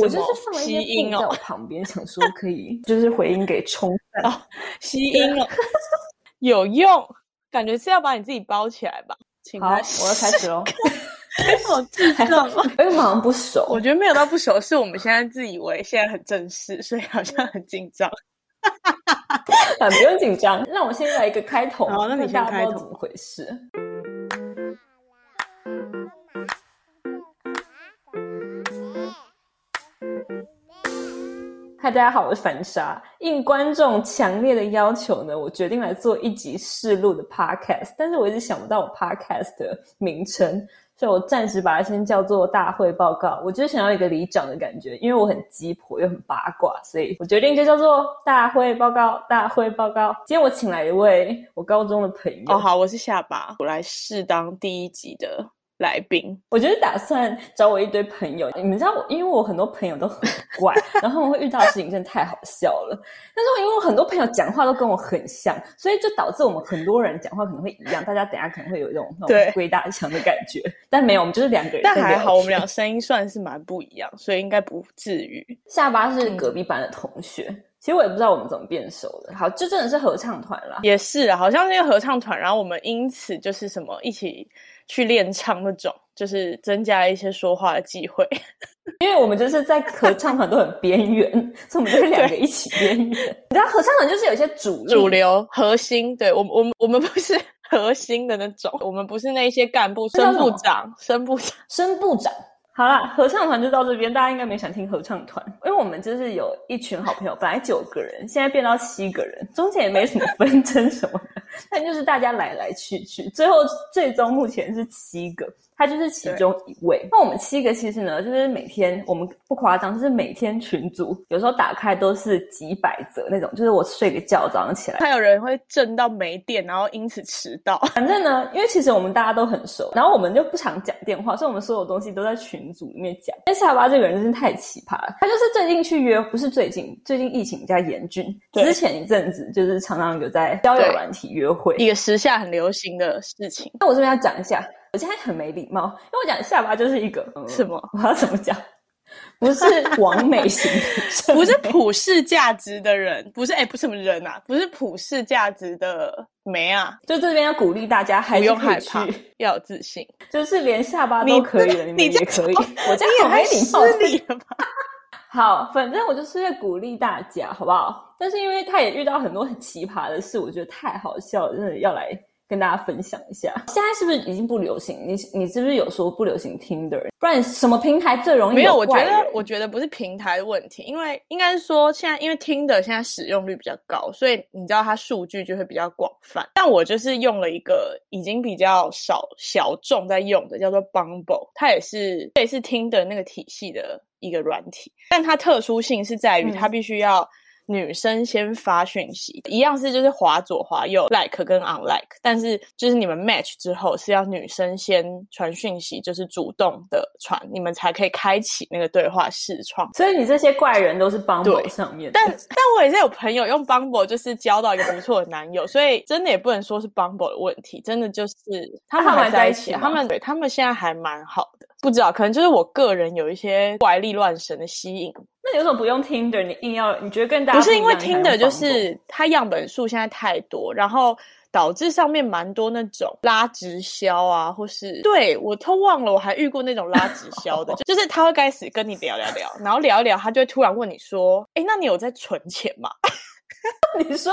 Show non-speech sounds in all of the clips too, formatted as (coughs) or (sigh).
我就是放了一些音在我旁邊，想說可以就是回音給沖哦。 (laughs) oh, 吸音哦， (laughs) 有用，感覺是要把你自己包起來吧？請開始。好，我要開始囉。 (laughs) 還好，緊張嗎？哎，好，好像不熟。我覺得沒有到不熟，是我們現在自以為現在很正式，所以好像很緊張、 (laughs) 啊。不用緊張，那我先來一個開頭。那你先開頭，怎麼回事？大家好，我是凡沙。應觀眾強烈的要求呢，我決定來做一集試錄的 podcast。但是我一直想不到我 podcast 的名稱，所以我暫時把它先叫做“大會報告”。我就是想要一個里長的感覺，因為我很雞婆又很八卦，所以我決定就叫做“大會報告”。大會報告。今天我請來一位我高中的朋友。哦，好，我是下巴，我來試當第一集的。來賓，我就是打算找我一堆朋友。你們知道我，因為我很多朋友都很怪，然後會遇到的事情，真的太好笑了。 (laughs) 但是我因為我很多朋友講話都跟我很像，所以就導致我們很多人講話可能會一樣。大家等一下可能會有一種對鬼打牆的感覺，對但沒有，我們就是兩個人。但還好，我們倆聲音算是蠻不一樣，所以應該不至於。下巴是隔壁班的同學，嗯、其實我也不知道我們怎麼變熟的。好，就真的是合唱團啦，也是啦，好像是因為合唱團，然後我們因此就是什麼一起。去練唱那種，就是增加一些說話的機會，因為我們就是在合唱團都很邊緣， (laughs) 所以我們就是兩個一起邊緣。你知道合唱團就是有一些主主流核心，對，我我們我們不是核心的那種，我們不是那一些幹部、聲部長、聲部長、聲部長。好啦，合唱團就到這邊，大家應該沒想聽合唱團。因為我們就是有一群好朋友，本來九個人，現在變到七個人，中間也沒什麼紛爭什麼的， (laughs) 但就是大家來來去去，最後最終目前是七個。他就是其中一位。對那我們七個其實呢，就是每天我們不誇張，就是每天群組有時候打開都是幾百則那種。就是我睡個覺，早上起來，還有人會震到沒電，然後因此遲到。 (laughs) 反正呢，因為其實我們大家都很熟，然後我們就不常講電話，所以我們所有東西都在群組裡面講。但下巴這個人真是太奇葩，他就是最近去約，不是最近，最近疫情比較嚴峻，對之前一陣子就是常常有在交友軟體約會，一個時下很流行的事情。那我這邊要講一下。我現在很沒禮貌，因為我講下巴就是一個什麼、嗯？我要怎麼講？不是完美型， (laughs) 不是普世價值的人，不是哎、欸，不是什麼人啊？不是普世價值的美啊？就這邊要鼓勵大家還是，還，不用害怕，要有自信，就是連下巴都可以了，你們也可以。家我家有沒貌你失禮？ (laughs) 好，反正我就是在鼓勵大家，好不好？但是因為他也遇到很多很奇葩的事，我覺得太好笑了，真的要來。跟大家分享一下，現在是不是已經不流行？你你是不是有說不流行 Tinder？不然什麼平台最容易？沒有，我覺得我覺得不是平台的問題，因為應該是說現在因為 Tinder 現在使用率比較高，所以你知道它數據就會比較廣泛。但我就是用了一個已經比較少小眾在用的，叫做 Bumble，它也是也是 Tinder 那個體系的一個軟體，但它特殊性是在於它必須要、嗯。女生先發訊息，一樣是就是滑左滑右 (laughs) ，like 跟 unlike，但是就是你們 match 之後是要女生先傳訊息，就是主動的傳，你們才可以開啟那個對話視創。所以你這些怪人都是 Bumble 對上面的，但但我也是有朋友用 Bumble 就是交到一個不錯的男友， (laughs) 所以真的也不能說是 Bumble 的問題，真的就是他們還在一起，他們，他們對他們現在還蠻好的，不知道可能就是我個人有一些怪力亂神的吸引。有種不用 Tinder，你硬要，你覺得更大？不是因為 Tinder，就是它樣本數現在太多，然後導致上面蠻多那種拉直銷啊，或是，對我都忘了，我還遇過那種拉直銷的， (laughs) 就是他會開始跟你聊聊聊，然後聊一聊，他就會突然問你說：“哎、欸，那你有在存錢嗎？” (laughs) (laughs) 你說，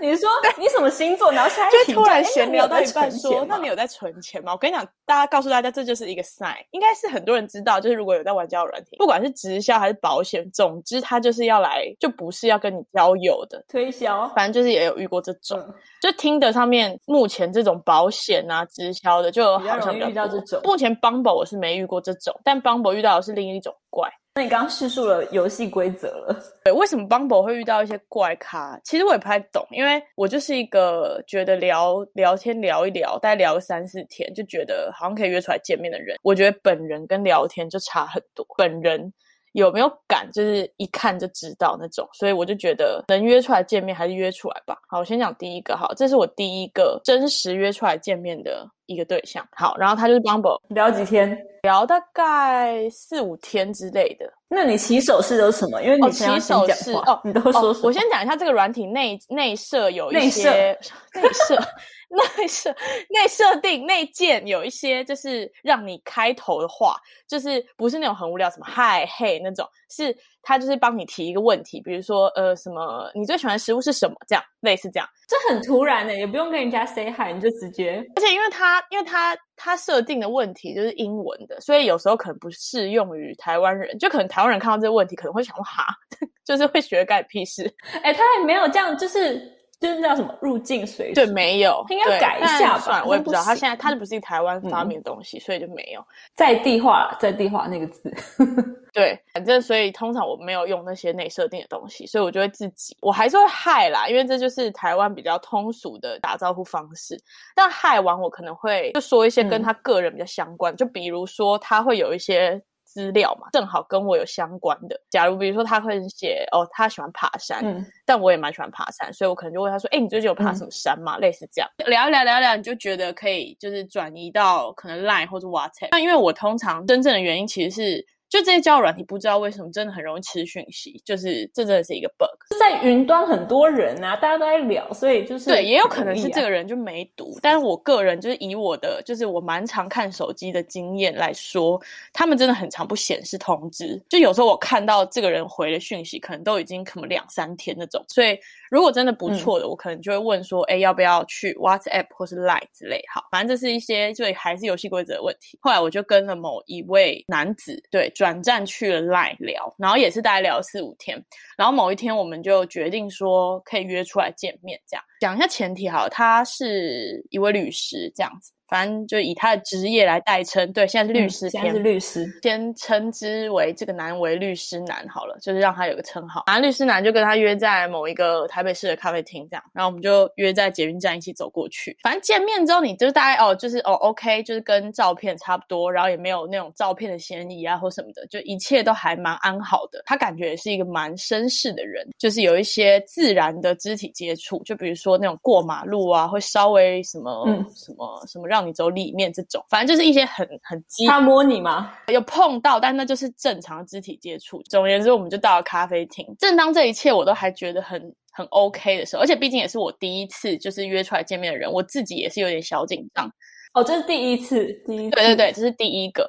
你說 (laughs) 你什麼星座？ (laughs) 然後就突然閒聊到一半說、欸：“那你有在存錢嗎？”錢嗎錢嗎我跟你講，大家告訴大家，這就是一個 sign，應該是很多人知道，就是如果有在玩交友軟體，不管是直銷還是保險，總之他就是要來，就不是要跟你交友的推銷銷。反正就是也有遇過這種，嗯、就聽得上面目前這種保險啊直銷的，就好像比較比較遇到這種。目前 Bumble 我是沒遇過這種，但 Bumble 遇到的是另一種怪。那你剛剛敘述了遊戲規則了，對？為什麼 Bumble 會遇到一些怪咖？其實我也不太懂，因為我就是一個覺得聊聊天聊一聊，大概聊個三四天，就覺得好像可以約出來見面的人。我覺得本人跟聊天就差很多，本人有沒有感，就是一看就知道那種。所以我就覺得能約出來見面還是約出來吧。好，我先講第一個哈，這是我第一個真實約出來見面的。一個對象，好，然後他就是 Bumble 聊幾天，聊大概四五天之類的。那你起手是有什麼？因為你起、哦、手是哦，你都說什麼、哦？我先講一下這個軟體內內設有一些內設 (laughs) 內設內設內設定內建，有一些就是讓你開頭的話，就是不是那種很無聊，什麼嗨嘿那種，是。他就是幫你提一個問題，比如說，呃，什麼，你最喜歡的食物是什麼？這樣，類似這樣，這很突然的、欸，也不用跟人家 say hi，你就直接。而且，因為他，因為他，他設定的問題就是英文的，所以有時候可能不適用於台灣人，就可能台灣人看到這個問題，可能會想說，哈， (laughs) 就是會學幹屁事？哎、欸，他還沒有這樣，就是。就是叫什麼入境隨俗對，沒有，應該改一下吧，我也不知道。他、嗯、現在，他它不是以台灣發明的東西，嗯、所以就沒有在地化，在地化那個字。 (laughs) 對，反正所以通常我沒有用那些內設定的東西，所以我就會自己，我還是會嗨啦，因為這就是台灣比較通俗的打招呼方式。但嗨完，我可能會就說一些跟他個人比較相關，嗯、就比如說他會有一些。資料嘛，正好跟我有相關的。假如比如說，他會寫哦，他喜歡爬山，嗯、但我也蠻喜歡爬山，所以我可能就問他說：“哎、欸，你最近有爬什麼山嗎？”嗯、類似這樣聊聊聊聊，你就覺得可以，就是轉移到可能 line 或者 whatsapp。但因為我通常真正的原因其實是。就這些交友軟件，不知道為什麼真的很容易吃訊息，就是這真的是一個 bug。是在雲端很多人啊，大家都在聊，所以就是對，也有可能是這個人就沒讀。啊、但是我個人就是以我的，就是我蠻常看手機的經驗來說，他們真的很常不顯示通知。就有時候我看到這個人回的訊息，可能都已經可能兩三天那種。所以如果真的不錯的，嗯、我可能就會問說，哎、欸，要不要去 WhatsApp 或是 Line 之類？好，反正這是一些就還是遊戲規則的問題。後來我就跟了某一位男子，對。轉戰去了賴聊，然後也是大概聊了四五天，然後某一天我們就決定說可以約出來見面，這樣。講一下前提好，他是一位律師，這樣子。反正就以他的職業來代稱，對，現在是律師、嗯，現在是律師，先稱之為這個男為律師男好了，就是讓他有個稱號。反正律師男就跟他約在某一個台北市的咖啡廳這樣，然後我們就約在捷運站一起走過去。反正見面之後，你就是大概哦，就是哦，OK，就是跟照片差不多，然後也沒有那種照片的嫌疑啊或什麼的，就一切都還蠻安好的。他感覺也是一個蠻紳士的人，就是有一些自然的肢體接觸，就比如說那種過馬路啊，會稍微什麼、嗯、什麼什麼讓。讓你走裡面這種，反正就是一些很很激。他摸你嗎？有碰到，但那就是正常的肢體接觸。總而言之，我們就到了咖啡廳。正當這一切我都還覺得很很 OK 的時候，而且畢竟也是我第一次就是約出來見面的人，我自己也是有點小緊張。哦，這、就是第一次，第一，對對對，這、就是第一個。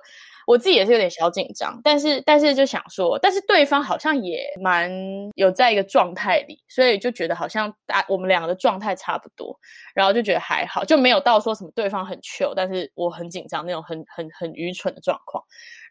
我自己也是有點小緊張，但是但是就想說，但是對方好像也蠻有在一個狀態裡，所以就覺得好像我們兩個的狀態差不多，然後就覺得還好，就沒有到說什麼對方很糗，但是我很緊張那種很很很愚蠢的狀況。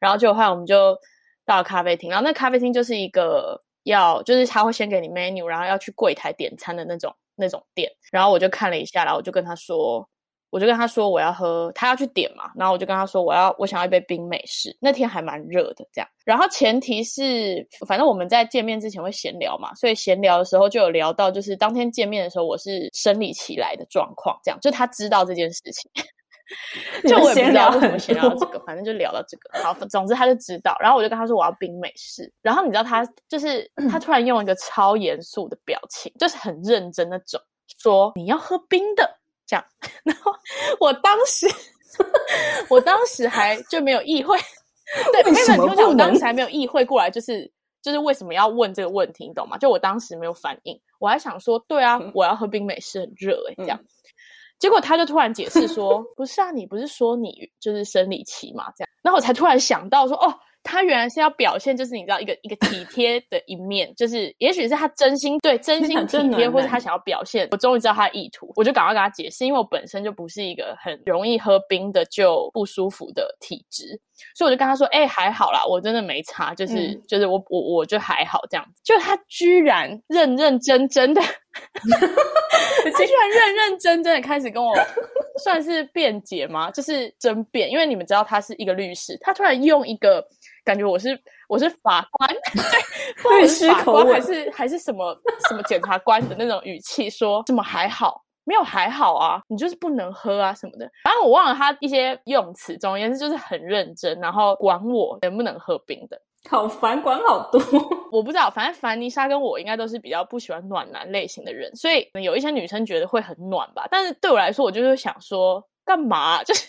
然後就後來我們就到了咖啡廳，然後那咖啡廳就是一個要就是他會先給你 menu，然後要去櫃檯點餐的那種那種店。然後我就看了一下，然後我就跟他說。我就跟他說我要喝，他要去點嘛，然後我就跟他說我要我想要一杯冰美式。那天還蠻熱的，這樣。然後前提是，反正我們在見面之前會閒聊嘛，所以閒聊的時候就有聊到，就是當天見面的時候我是生理期來的狀況，這樣就他知道這件事情。 (laughs) 就我也不知道為什麼閒聊這個，反正就聊到這個。好，總之他就知道。然後我就跟他說我要冰美式，然後你知道他就是他突然用一個超嚴肅的表情， (coughs) 就是很認真的種說，你要喝冰的？這樣，然後我當時， (laughs) (laughs) 我當時還就沒有意會， (laughs) 對，為什麼不能 (laughs) 我？我當時還沒有意會過來，就是就是為什麼要問這個問題，你懂嗎？就我當時沒有反應，我還想說，對啊，嗯、我要喝冰美式，很熱哎、欸，這樣。嗯、結果他就突然解釋說， (laughs) 不是啊，你不是說你就是生理期嘛，這樣。然後我才突然想到說，哦。他原來是要表現，就是你知道一個一個體貼的一面， (laughs) 就是也許是他真心對真心體貼，或者他想要表現。 (laughs) 我終於知道他的意圖，我就趕快跟他解釋，因為我本身就不是一個很容易喝冰的就不舒服的體質，所以我就跟他說：“哎、欸，還好啦，我真的沒差，就是、嗯、就是我我我就還好這樣子。”就他居然認認真真的 (laughs) (laughs) (laughs) 居然認認真真的開始跟我。算是辯解嗎？就是爭辯，因為你們知道他是一個律師，他突然用一個感覺我是我是法官，律師法官還是還是什麼什麼檢察官的那種語氣 (laughs) 說，怎麼還好？沒有還好啊，你就是不能喝啊什麼的。反正我忘了他一些用詞，總而言之就是很認真，然後管我能不能喝冰的。好煩，管好多，我不知道。反正凡妮莎跟我應該都是比較不喜歡暖男類型的人，所以有一些女生覺得會很暖吧，但是對我來說，我就是想說，幹嘛啊？就是。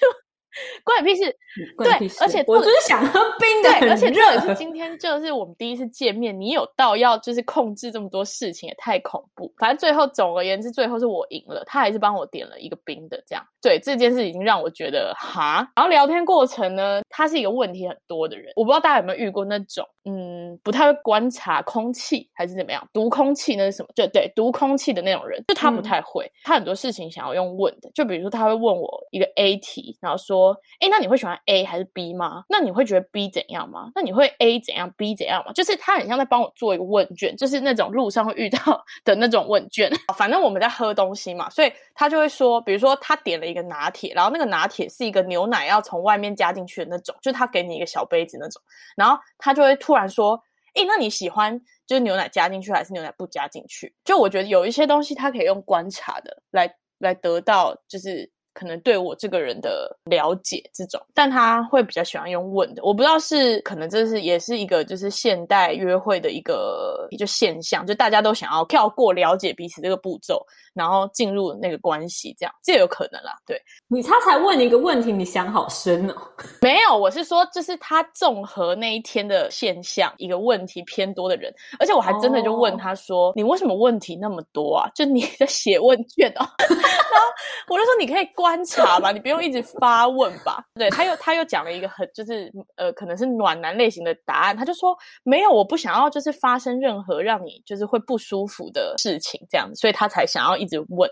關你屁事。對，而且我只是想喝冰的。對，而且這也是今天就是我們第一次見面，你有到要就是控制這麼多事情也太恐怖。反正最後總而言之，最後是我贏了，他還是幫我點了一個冰的這樣。對，這件事已經讓我覺得哈。然後聊天過程呢，他是一個問題很多的人，我不知道大家有沒有遇過那種嗯不太會觀察空氣還是怎麼樣讀空氣那是什麼？對對，讀空氣的那種人，就他不太會，嗯、他很多事情想要用問的，就比如說他會問我一個 A 題，然後說。哎，那你會喜歡 A 還是 B 嗎？那你會覺得 B 怎樣嗎？那你會 A 怎樣 B 怎樣嗎？就是他很像在幫我做一個問卷，就是那種路上會遇到的那種問卷。反正我們在喝東西嘛，所以他就會說，比如說他點了一個拿鐵，然後那個拿鐵是一個牛奶要從外面加進去的那種，就是他給你一個小杯子那種，然後他就會突然說，哎，那你喜歡就是牛奶加進去還是牛奶不加進去？就我覺得有一些東西他可以用觀察的來來得到，就是。可能對我這個人的了解這種，但他會比較喜歡用問的，我不知道是可能這是也是一個就是現代約會的一個就現象，就大家都想要跳過了解彼此這個步驟。然後進入那個關係這，這樣這也有可能啦。對你，他才問你一個問題，你想好深哦？沒有，我是說，就是他綜合那一天的現象，一個問題偏多的人，而且我還真的就問他說：“哦、你為什麼問題那麼多啊？”就你在寫問卷哦。 (laughs) (laughs) 然後我就說：“你可以觀察吧， (laughs) 你不用一直發問吧。對”對，他又他又講了一個很就是呃，可能是暖男類型的答案。他就說：“沒有，我不想要就是發生任何讓你就是會不舒服的事情這樣子。”所以他才想要一。就問，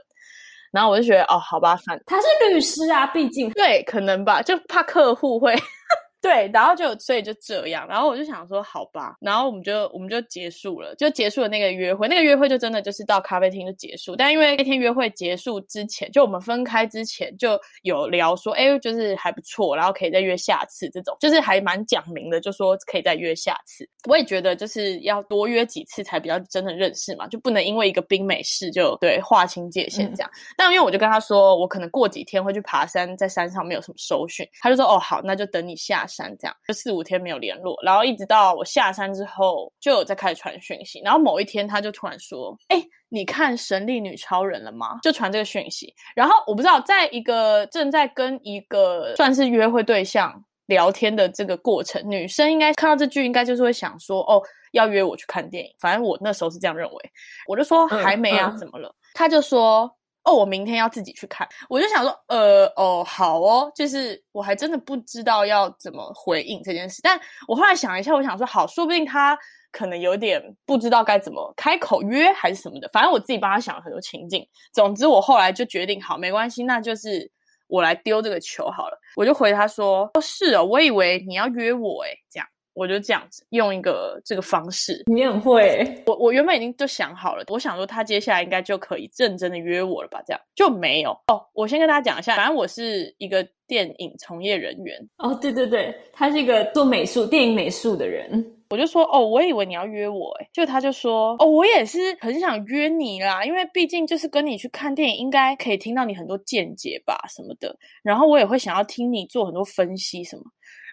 然後我就覺得哦，好吧，反他是律師啊，畢竟對，可能吧，就怕客戶會。 (laughs) 對，然後就所以就這樣，然後我就想說好吧，然後我們就我們就結束了，就結束了那個約會，那個約會就真的就是到咖啡廳就結束。但因為那天約會結束之前，就我們分開之前就有聊說，哎、欸，就是還不錯，然後可以再約下次這種，就是還蠻講明的，就說可以再約下次。我也覺得就是要多約幾次才比較真的認識嘛，就不能因為一個冰美式就對劃清界限這樣。嗯、但因為我就跟他說，我可能過幾天會去爬山，在山上沒有什麼收訊，他就說哦好，那就等你下。山這樣，就四五天沒有聯絡，然後一直到我下山之後，就有在開始傳訊息。然後某一天他就突然說：“哎、欸，你看《神力女超人》了嗎？”就傳這個訊息。然後我不知道，在一個正在跟一個算是約會對象聊天的這個過程，女生應該看到這句，應該就是會想說：“哦，要約我去看電影？”反正我那時候是這樣認為。我就說：“還沒啊，嗯嗯、怎麼了？”他就說。哦，我明天要自己去看，我就想說，呃，哦，好哦，就是我還真的不知道要怎麼回應這件事，但我後來想一下，我想說，好，說不定他可能有點不知道該怎麼開口約還是什麼的，反正我自己幫他想了很多情境。總之我後來就決定，好，沒關係，那就是我來丟這個球好了，我就回他說，哦是哦，我以為你要約我，誒，這樣。我就這樣子用一個這個方式，你也很會、欸。我我原本已經就想好了，我想說他接下來應該就可以認真的約我了吧？這樣就沒有哦。我先跟大家講一下，反正我是一個電影從業人員哦。對對對，他是一個做美術電影美術的人。我就說哦，我以為你要約我，欸，哎，就他就說哦，我也是很想約你啦，因為畢竟就是跟你去看電影，應該可以聽到你很多見解吧什麼的。然後我也會想要聽你做很多分析什麼。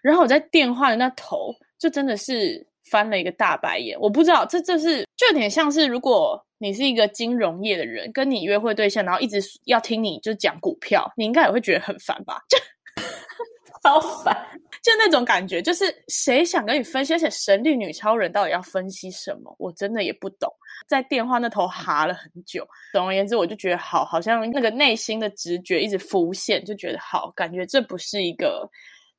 然後我在電話的那頭。就真的是翻了一個大白眼，我不知道這就是就有點像是如果你是一個金融業的人，跟你約會對象，然後一直要聽你就講股票，你應該也會覺得很煩吧？就超煩，就那種感覺，就是誰想跟你分析，而且神力女超人到底要分析什麼？我真的也不懂。在電話那頭哈了很久。總而言之，我就覺得好，好像那個內心的直覺一直浮現，就覺得好，感覺這不是一個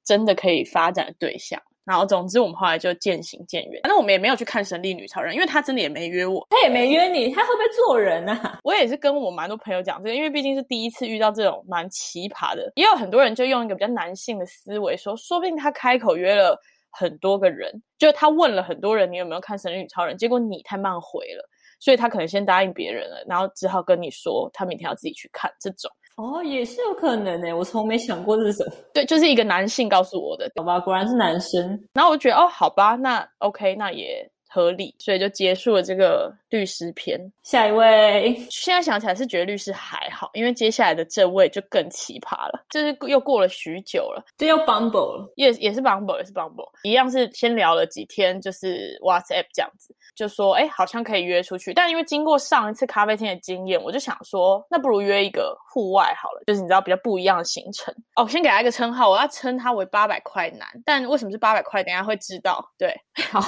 真的可以發展的對象。然後，總之我們後來就漸行漸遠。那我們也沒有去看《神力女超人》，因為他真的也沒約我，他也沒約你，他會不會做人啊？我也是跟我蠻多朋友講這個，因為畢竟是第一次遇到這種蠻奇葩的。也有很多人就用一個比較男性的思維說，說不定他開口約了很多個人，就他問了很多人你有沒有看《神力女超人》，結果你太慢回了。所以他可能先答應別人了，然後只好跟你說他明天要自己去看這種。哦，也是有可能呢。我從沒想過這是什麼，對，就是一個男性告訴我的，好吧，果然是男生。然後我覺得哦，好吧，那 OK，那也合理，所以就結束了這個律師篇。下一位，現在想起來是覺得律師還好，因為接下來的這位就更奇葩了，就是又過了許久了，又 bumble 了，也、yes, 也是 bumble，也是 bumble，一樣是先聊了幾天，就是 WhatsApp 這樣子，就說哎、欸，好像可以約出去，但因為經過上一次咖啡廳的經驗，我就想說，那不如約一個戶外好了，就是你知道比較不一樣的行程。哦，先給他一個稱號，我要稱他為八百塊男，但為什麼是八百塊，等一下會知道。對，好。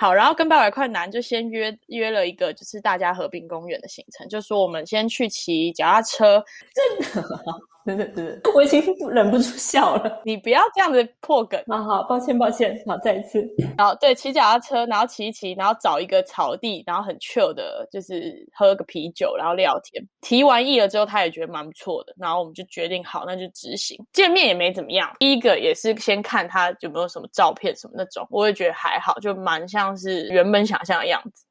好，然後跟八百塊男就先約約了一個，就是大家和平公園的行程，就說我們先去騎腳踏車，真的。 (laughs) (laughs) 我已經忍不住笑了。你不要這樣子破梗啊！好，好，抱歉，抱歉。好，再一次。好，對，騎腳踏車，然後騎一騎，然後找一個草地，然後很 chill 的，就是喝個啤酒，然後聊天。提完議了之後，他也覺得蠻不錯的。然後我們就決定好，那就執行。見面也沒怎麼樣。第一個也是先看他有沒有什麼照片什麼那種，我也覺得還好，就蠻像是原本想象的樣子。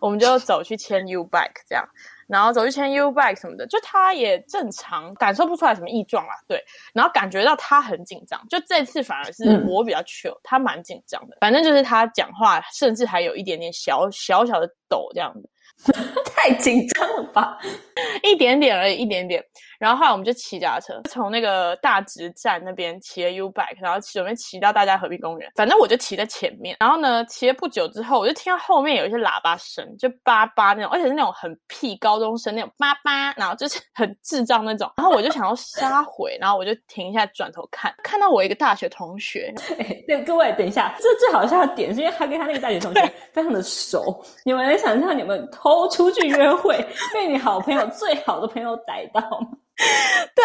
我們就走去牽 YouBike 這樣。然後走去牽 U-bike 什麼的，就他也正常，感受不出來什麼異狀啦。對，然後感覺到他很緊張，就這次反而是我比較糗。嗯，他蠻緊張的。反正就是他講話，甚至還有一點點小小小的抖這樣子， (laughs) 太緊張了吧？ (laughs) 一點點而已，一點點。然後,後來我們就騎腳踏車，從那個大直站那邊騎了 U-Bike 然後準備騎到大佳河濱公園。反正我就騎在前面。然後呢，騎了不久之後，我就聽到後面有一些喇叭聲，就叭叭那種，而且是那種很屁高中生那種叭叭，然後就是很智障那種。然後我就想要瞎毀，然後我就停一下，轉頭看，看到我一個大學同學。哎、對各位等一下，這最好笑的點是因為他跟他那個大學同學非常的熟。對 (laughs) 你們能想象你們偷出去約會，被你好朋友最好的朋友逮到嗎？ (laughs) 對，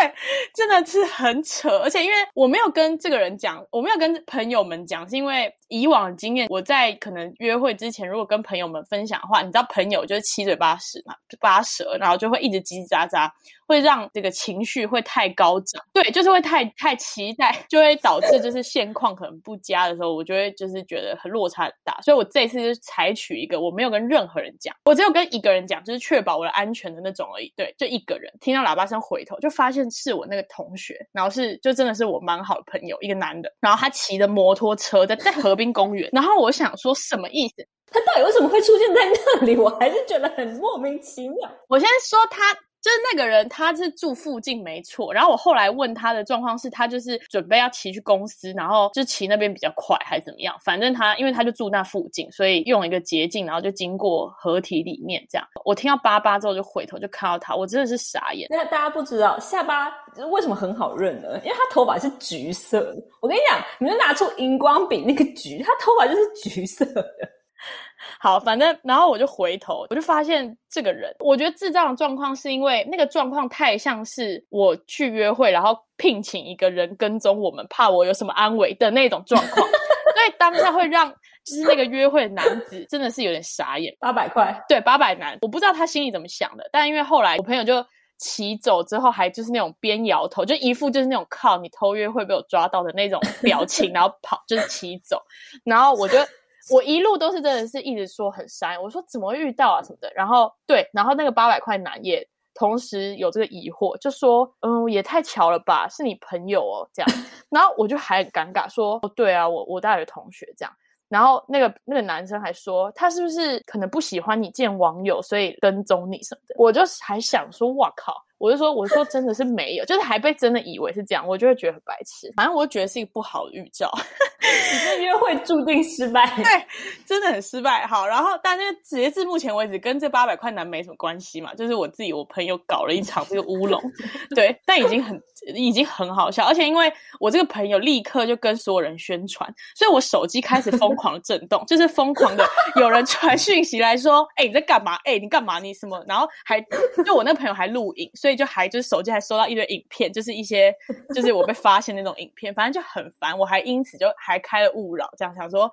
真的是很扯，而且因為我沒有跟這個人講，我沒有跟朋友們講，是因為以往經驗，我在可能約會之前，如果跟朋友們分享的話，你知道朋友就是七嘴八舌嘛，就八舌，然後就會一直嘰嘰喳喳。會讓這個情緒會太高漲，對，就是會太太期待，就會導致就是現況可能不佳的時候，我就會就是覺得很落差很大。所以我這次就採取一個我沒有跟任何人講，我只有跟一個人講，就是確保我的安全的那種而已。對，就一個人聽到喇叭聲回頭，就發現是我那個同學，然後是就真的是我蠻好的朋友，一個男的，然後他騎着摩托車在在河濱公園， (laughs) 然後我想說什麼意思？他到底為什麼會出現在那裡？我還是覺得很莫名其妙。我先說他。就是那個人，他是住附近沒錯。然後我後來問他的狀況是，他就是準備要騎去公司，然後就騎那邊比較快，還是怎麼樣？反正他因為他就住那附近，所以用一個捷徑，然後就經過河堤裡面這樣。我聽到八八之後就回頭就看到他，我真的是傻眼。那大家不知道下巴為什麼很好認呢？因為他頭髮是橘色。我跟你講，你就拿出熒光筆，那個橘，他頭髮就是橘色的。好，反正然後我就回頭，我就發現這個人，我覺得智障的狀況是因為那個狀況太像是我去約會，然後聘請一個人跟蹤我們，怕我有什麼安危的那種狀況。 (laughs) 所以當下會讓就是那個約會的男子真的是有點傻眼。八百塊，對，八百男，我不知道他心裡怎麼想的。但因為後來我朋友就騎走之後，還就是那種邊搖頭，就一副就是那種靠你偷約會被我抓到的那種表情， (laughs) 然後跑就是騎走，然後我就。 (laughs) 我一路都是真的是一直說很傻，我說怎麼遇到啊什麼的，然後對，然後那個八百塊男也同時有這個疑惑，就說嗯也太巧了吧，是你朋友哦這樣，然後我就還很尷尬說，哦，對啊我我大學同學這樣，然後那個那個男生還說他是不是可能不喜歡你見網友，所以跟蹤你什麼的，我就還想說哇靠。我就說，我說真的是沒有，就是還被真的以為是這樣，我就會覺得很白痴。反正我就覺得是一個不好的預兆， (laughs) 你這次約會注定失敗。對，真的很失敗。好，然後但是截至目前為止，跟這八百塊男沒什麼關係嘛，就是我自己我朋友搞了一場這個烏龍。對，但已經很已經很好笑，而且因為我這個朋友立刻就跟所有人宣傳，所以我手機開始瘋狂的震動， (laughs) 就是瘋狂的有人傳訊息來說：“哎，你在幹嘛？哎，你幹嘛？你什麼？”然後還就我那個朋友還錄影，所所以就還就是手機還收到一堆影片，就是一些就是我被發現那種影片，反正就很煩。我還因此就還開了勿擾，這樣想說，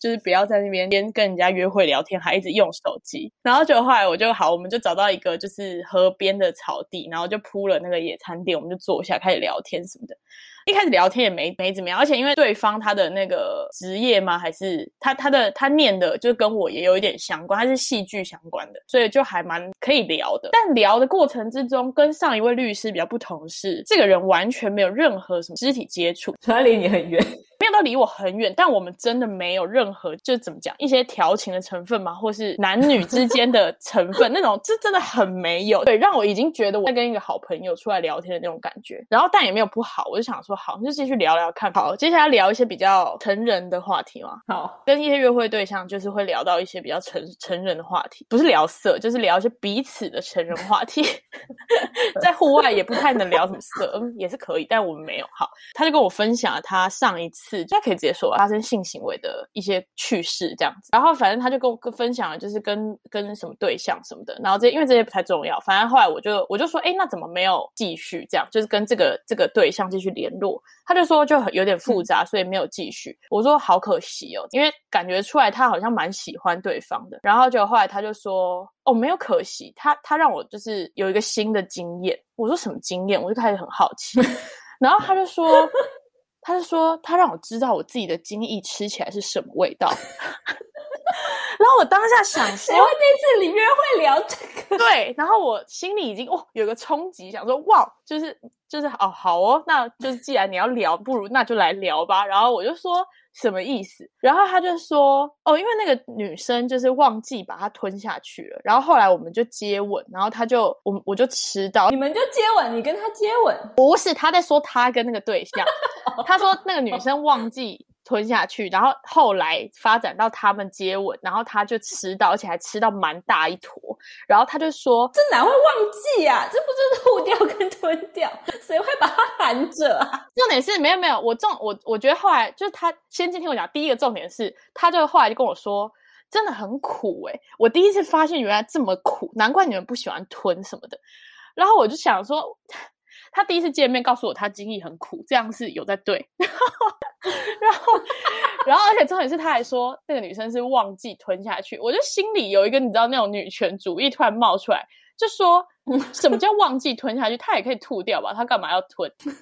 就是不要在那邊邊跟人家約會聊天，還一直用手機。然後就後來我就好，我們就找到一個就是河邊的草地，然後就鋪了那個野餐墊，我們就坐下開始聊天什麼的。一開始聊天也沒沒怎麼樣，而且因為對方他的那個職業嘛，還是他他的他念的，就跟我也有一點相關，他是戲劇相關的，所以就還蠻可以聊的。但聊的過程之中，跟上一位律師比較不同的是，這個人完全沒有任何什麼肢體接觸，可能離你很遠，沒有到離我很遠，但我們真的沒有任何就怎麼講一些調情的成分嘛，或是男女之間的成分 (laughs) 那種，這真的很沒有。對，讓我已經覺得我在跟一個好朋友出來聊天的那種感覺，然後但也沒有不好，我就想說。不好，就繼續聊聊看。好，接下來聊一些比較成人的話題嘛。好，跟一些約會對象就是會聊到一些比較成成人的話題，不是聊色，就是聊一些彼此的成人話題。 (laughs) (laughs) 在戶外也不太能聊什麼色，嗯， (laughs) 也是可以，但我們沒有。好，他就跟我分享了他上一次就可以直接說、啊、發生性行為的一些趣事這樣子。然後反正他就跟我分享了，就是跟跟什麼對象什麼的。然後這些因為這些不太重要，反正後來我就我就說，哎，那怎麼沒有繼續這樣？就是跟這個這個對象繼續聯絡。他就說就很有點複雜，嗯、所以沒有繼續。我說好可惜哦，因為感覺出來他好像蠻喜歡對方的。然後就後來他就說哦，沒有可惜，他他讓我就是有一個新的經驗。我說什麼經驗？我就開始很好奇。 (laughs) 然後他就說，他就說他讓我知道我自己的精液吃起來是什麼味道。 (laughs) (laughs) 然後我當下想說，這次裡面會聊這個，對。然後我心裡已經哦，有個衝擊，想說，哇，就是就是哦，好哦，那就是既然你要聊，不如那就來聊吧。然後我就說什麼意思？然後他就說哦，因為那個女生就是忘記把它吞下去了。然後後來我們就接吻，然後他就我我就遲到你們就接吻，你跟他接吻？不是，他在說他跟那個對象， (laughs) 他說那個女生忘記。吞下去，然後後來發展到他們接吻，然後他就吃到，而且還吃到蠻大一坨，然後他就說：“這哪會忘記呀？這不就是吐掉跟吞掉？誰會把它含着啊？”重點是沒有沒有，我重我我覺得後來就是他先先聽我講，第一個重點是他就後來就跟我說：“真的很苦欸，我第一次發現原來這麼苦，難怪你們不喜歡吞什麼的。”然後我就想說。他第一次見面告訴我他經歷很苦，這樣是有在對， (laughs) 然後， (laughs) 然後，而且重點是他還說那個女生是忘記吞下去，我就心裡有一個你知道那種女權主義突然冒出來，就說什麼叫忘記吞下去？她也可以吐掉吧，她幹嘛要吞？ (laughs)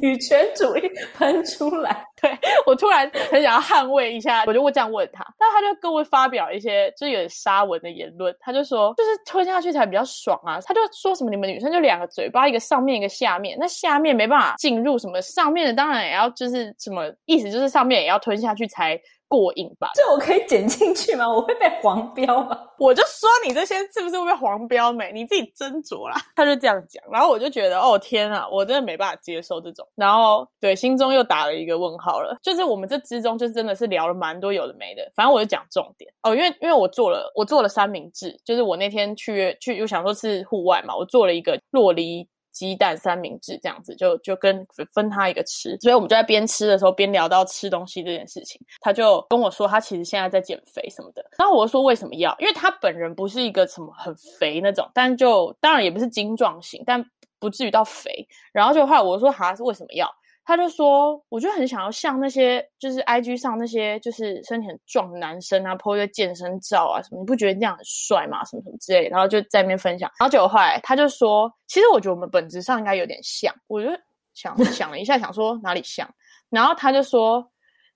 女權主義噴出來，對，我突然很想要捍衛一下，我就會這樣問他，那他就跟我發表一些就是有點沙文的言論，他就說就是吞下去才比較爽啊，他就說什麼你們女生就兩個嘴巴，一個上面一個下面，那下面沒辦法進入什麼上面的，當然也要就是什麼意思就是上面也要吞下去才。過癮吧？這我可以剪進去嗎？我會被黃標嗎？我就說，你這些是不是會被黃標沒？你自己斟酌啦。他就這樣講，然後我就覺得哦，天啊，我真的沒辦法接受這種，然後對心中又打了一個問號了。就是我們這之中，就真的是聊了蠻多有的沒的，反正我就講重點哦，因為因為我做了我做了三明治，就是我那天去去又想說是戶外嘛，我做了一個酪梨。雞蛋三明治這樣子，就就跟分他一個吃，所以我們就在邊吃的時候邊聊到吃東西這件事情，他就跟我說他其實現在在減肥什麼的，然後我就說，為什麼要？因為他本人不是一個什麼很肥那種，但就當然也不是精壯型，但不至於到肥，然後就後來我就說他是、啊、為什麼要？他就說，我就很想要像那些，就是 IG 上那些，就是身體很壯的男生啊 (noise) po 一些健身照啊什麼，你不覺得這樣很帥嗎？什麼什麼之類的，然後就在那邊分享。然後結果後來，他就說，其實我覺得我們本質上應該有點像。我就想想了一下，想說哪裡像。 (laughs) 然後他就說，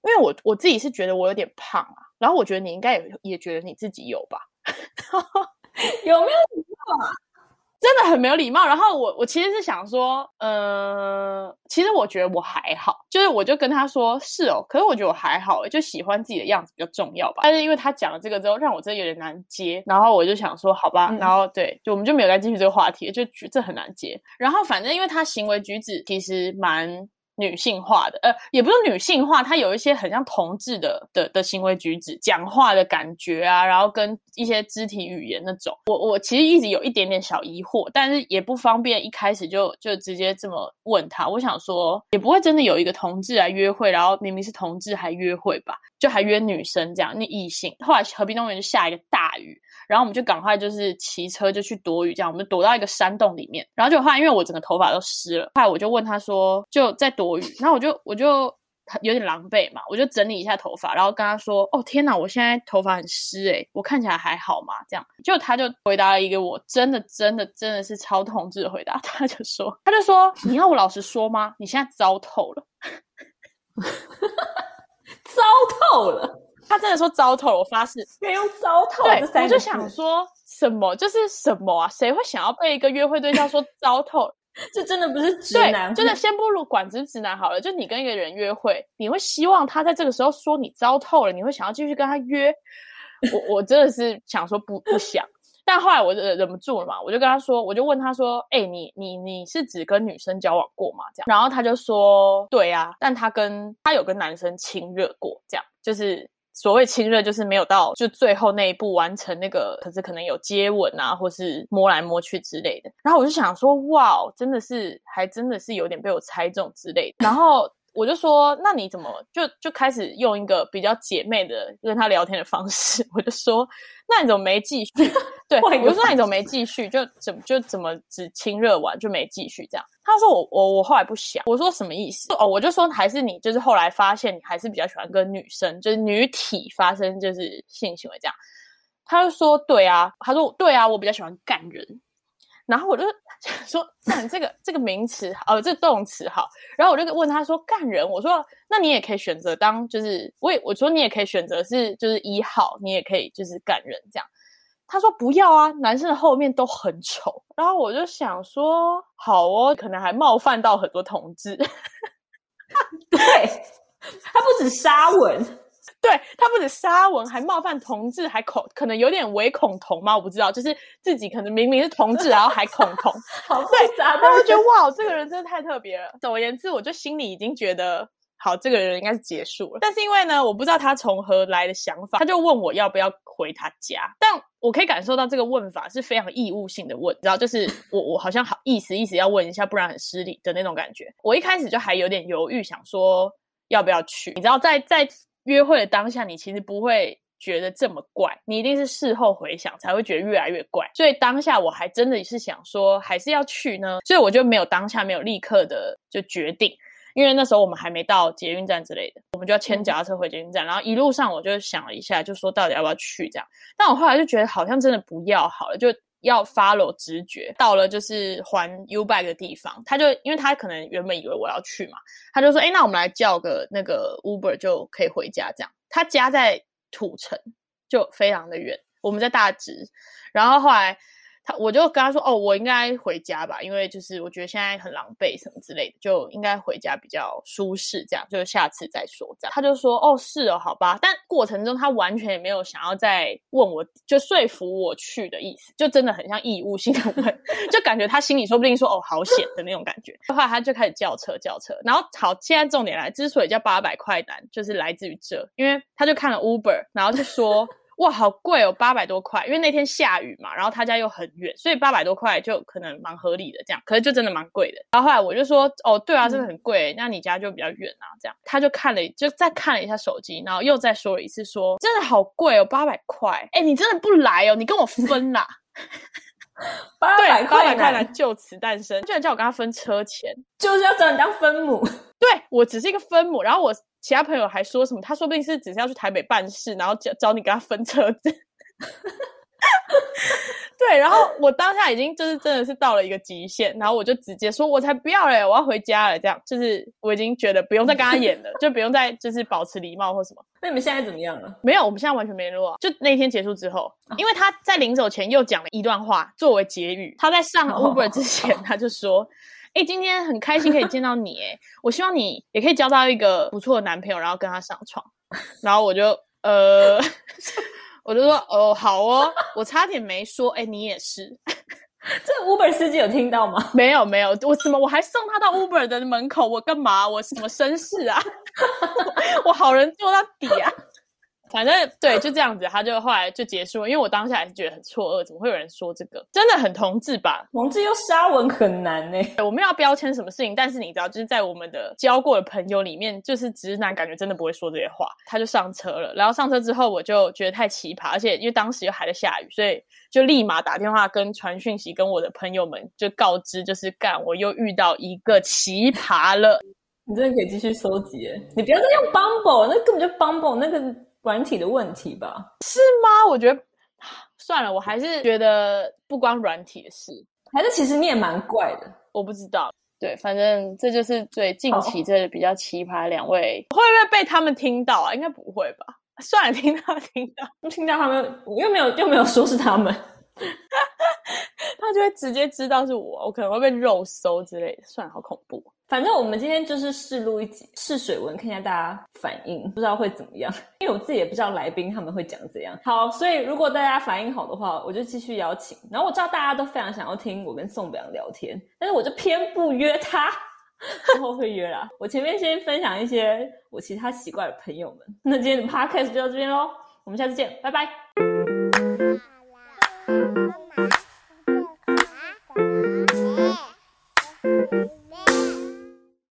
因為我我自己是覺得我有點胖啊，然後我覺得你應該也也覺得你自己有吧？ (laughs) 然後 (laughs) 有沒有啊。 (laughs) 真的很沒有禮貌。然後我我其實是想說，嗯、呃，其實我覺得我還好，就是我就跟他說，是哦，可是我覺得我還好，就喜歡自己的樣子比較重要吧。但是因為他講了這個之後，讓我真的有點難接。然後我就想說好吧，嗯、然後對，就我們就沒有再繼續這個話題了，就覺得這很難接。然後反正因為他行為舉止其實蠻。女性化的，呃，也不是女性化，她有一些很像同志的的的行為舉止、講話的感覺啊，然後跟一些肢體語言那種。我我其實一直有一點點小疑惑，但是也不方便一開始就就直接這麼問他。我想說，也不會真的有一個同志來約會，然後明明是同志還約會吧，就還約女生這樣，那異性。後來河濱公園就下一個大雨。然後我們就趕快就是騎車就去躲雨，這樣，我們躲到一個山洞裡面。然後就後來，因為我整個頭髮都濕了，後來我就問他說，就在躲雨。然後我就我就有點狼狽嘛，我就整理一下頭髮，然後跟他說：“哦，天哪，我現在頭髮很濕哎、欸，我看起來還好嗎？”這樣，就他就回答了一個我真的真的真的是超同志的回答，他就說他就說，你要我老實說嗎？你現在糟透了， (laughs) 糟透了。他真的說糟透了，我發誓。用糟透，對，我就想說什麼，就是什麼啊？誰會想要被一個約會對象說糟透？ (laughs) 這真的不是直男。對，真的，先不如管直直男好了。就你跟一個人約會，你會希望他在這個時候說你糟透了？你會想要繼續跟他約？我我真的是想說不不想， (laughs) 但後來我就忍不住了嘛，我就跟他說，我就問他說：“哎，你你你是只跟女生交往過嗎？”這樣，然後他就說：“對啊，但他跟他有跟男生親熱過，這樣就是。”所謂親熱就是沒有到就最後那一步完成那個，可是可能有接吻啊，或是摸來摸去之類的。然後我就想說，哇，真的是，還真的是有點被我猜中之類的。然後我就說，那你怎麼就就開始用一個比較姐妹的跟他、就是、聊天的方式？我就說，那你怎麼沒繼續？ (laughs) 對，我就說那你怎麼沒繼續？就就，就怎麼就怎麼只親熱完就沒繼續這樣。他說我我我後來不想，我說什麼意思？哦，我就說還是你就是後來發現你還是比較喜歡跟女生就是女體發生就是性行為這樣。他就說對啊，他說對啊，我比較喜歡幹人。然後我就說幹這個這個名詞呃這個動詞好，然後我就問他說幹人，我說那你也可以選擇當就是我也我說你也可以選擇是就是一號，你也可以就是幹人這樣。他說不要啊，男生的後面都很醜。然後我就想說，好哦，可能還冒犯到很多同志。 (laughs) 對，他不止沙文，對，他不止沙文，還冒犯同志，還恐可能有點唯恐同嗎？我不知道，就是自己可能明明是同志， (laughs) 然後還恐同， (laughs) 好複雜。我對就覺得哇哦，這個人真的太特別了。總 (laughs) 而言之，我就心裡已經覺得。好，這個人應該是結束了。但是因為呢，我不知道他從何來的想法，他就問我要不要回他家。但我可以感受到這個問法是非常義務性的問，你知道，就是我我好像好意思意思要問一下，不然很失禮的那種感覺。我一開始就還有點猶豫，想說要不要去。你知道在，在約會的當下，你其實不會覺得這麼怪，你一定是事後回想才會覺得越來越怪。所以當下我還真的是想說還是要去呢，所以我就沒有當下沒有立刻的就決定。因為那時候我們還沒到捷運站之類的，我們就要牽腳踏車回捷運站。嗯、然後一路上我就想了一下，就說到底要不要去這樣？但我後來就覺得好像真的不要好了，就要 follow 直覺。到了就是還 U bike 的地方，他就因為他可能原本以為我要去嘛，他就說：哎，那我們來叫個那個 Uber 就可以回家這樣。他家在土城，就非常的遠，我們在大直。然後後來。我就跟他說：“哦，我應該回家吧，因為就是我覺得現在很狼狽，什麼之類的，就應該回家比較舒適，這樣就下次再說。”這樣他就說：“哦，是哦，好吧。”但過程中他完全也沒有想要再問我，我就說服我去的意思，就真的很像義務性的問， (laughs) 就感覺他心裡說不定說：“哦，好險的那種感覺。” (laughs) 後來他就開始叫車，叫車，然後好，現在重點來，之所以叫八百塊單，就是來自於這，因為他就看了 Uber，然後就說。 (laughs) 哇，好貴哦，八百多塊。因為那天下雨嘛，然後他家又很遠，所以八百多塊就可能蠻合理的這樣。可是就真的蠻貴的。然後後來我就說，哦，對啊，真的很貴。嗯，那你家就比較遠啊，這樣。他就看了，就再看了一下手機，然後又再說了一次，說真的好貴哦，八百塊。欸，你真的不來哦，你跟我分啦。 (laughs) 八百塊，八百塊，就此誕生。居然叫我跟他分車錢，就是要找你當分母。對，我只是一個分母。然後我其他朋友還說什麼？他說不定是只是要去台北辦事，然後找找你跟他分車子。 (laughs) (laughs) 對，然後我當下已經就是真的是到了一個極限， (laughs) 然後我就直接說：“我才不要嘞，我要回家了。”這樣就是我已經覺得不用再跟他演了， (laughs) 就不用再就是保持禮貌或什麼。那你們現在怎麼樣了？沒有，我們現在完全沒聯絡、啊。就那天結束之後，oh. 因為他在臨走前又講了一段話作為結語。他在上 Uber 之前，oh. 他就說：“哎、oh.，今天很開心可以見到你，哎， (laughs) 我希望你也可以交到一個不錯的男朋友，然後跟他上床。”然後我就呃。 (laughs) 我就說哦好哦，我差點沒說，哎，你也是， (laughs) 這 Uber 司機有聽到嗎？沒有沒有，我怎麼我還送他到 Uber 的門口？我幹嘛？我什麼紳士啊？ (laughs) 我,我好人做到底啊！ (laughs) 反正對，就這樣子，他就後來就結束了。因為我當下還是覺得很錯愕，怎麼會有人說這個？真的很同志吧？同志又沙文很難呢、欸。我沒有要標籤什麼事情，但是你知道，就是在我們的交過的朋友裡面，就是直男感覺真的不會說這些話。他就上車了，然後上車之後，我就覺得太奇葩。而且因為當時又還在下雨，所以就立馬打電話跟傳訊息，跟我的朋友們就告知，就是幹，我又遇到一個奇葩了。 (laughs) 你真的可以繼續收集，你不要再用 Bumble，那根本就 Bumble 那個。軟體的問題吧，是嗎？我覺得算了，我還是覺得不關軟體的事，還是其實你也蠻怪的，我不知道。對，反正這就是最近期這比較奇葩兩位，好會不會被他們聽到啊？應該不會吧？算了，聽到聽到聽到他們，我又沒有又沒有說是他們， (laughs) 他就會直接知道是我，我可能會被肉搜之類的，算了，好恐怖。反正我們今天就是試錄一集，試水溫，看一下大家反應，不知道會怎麼樣，因為我自己也不知道來賓他們會講怎樣。好，所以如果大家反應好的話，我就繼續邀請。然後我知道大家都非常想要聽我跟宋秉洋聊天，但是我就偏不約他，之後會約啦。 (laughs) 我前面先分享一些我其他奇怪的朋友們。那今天的 Podcast 就到這邊嘍，我們下次見，拜拜。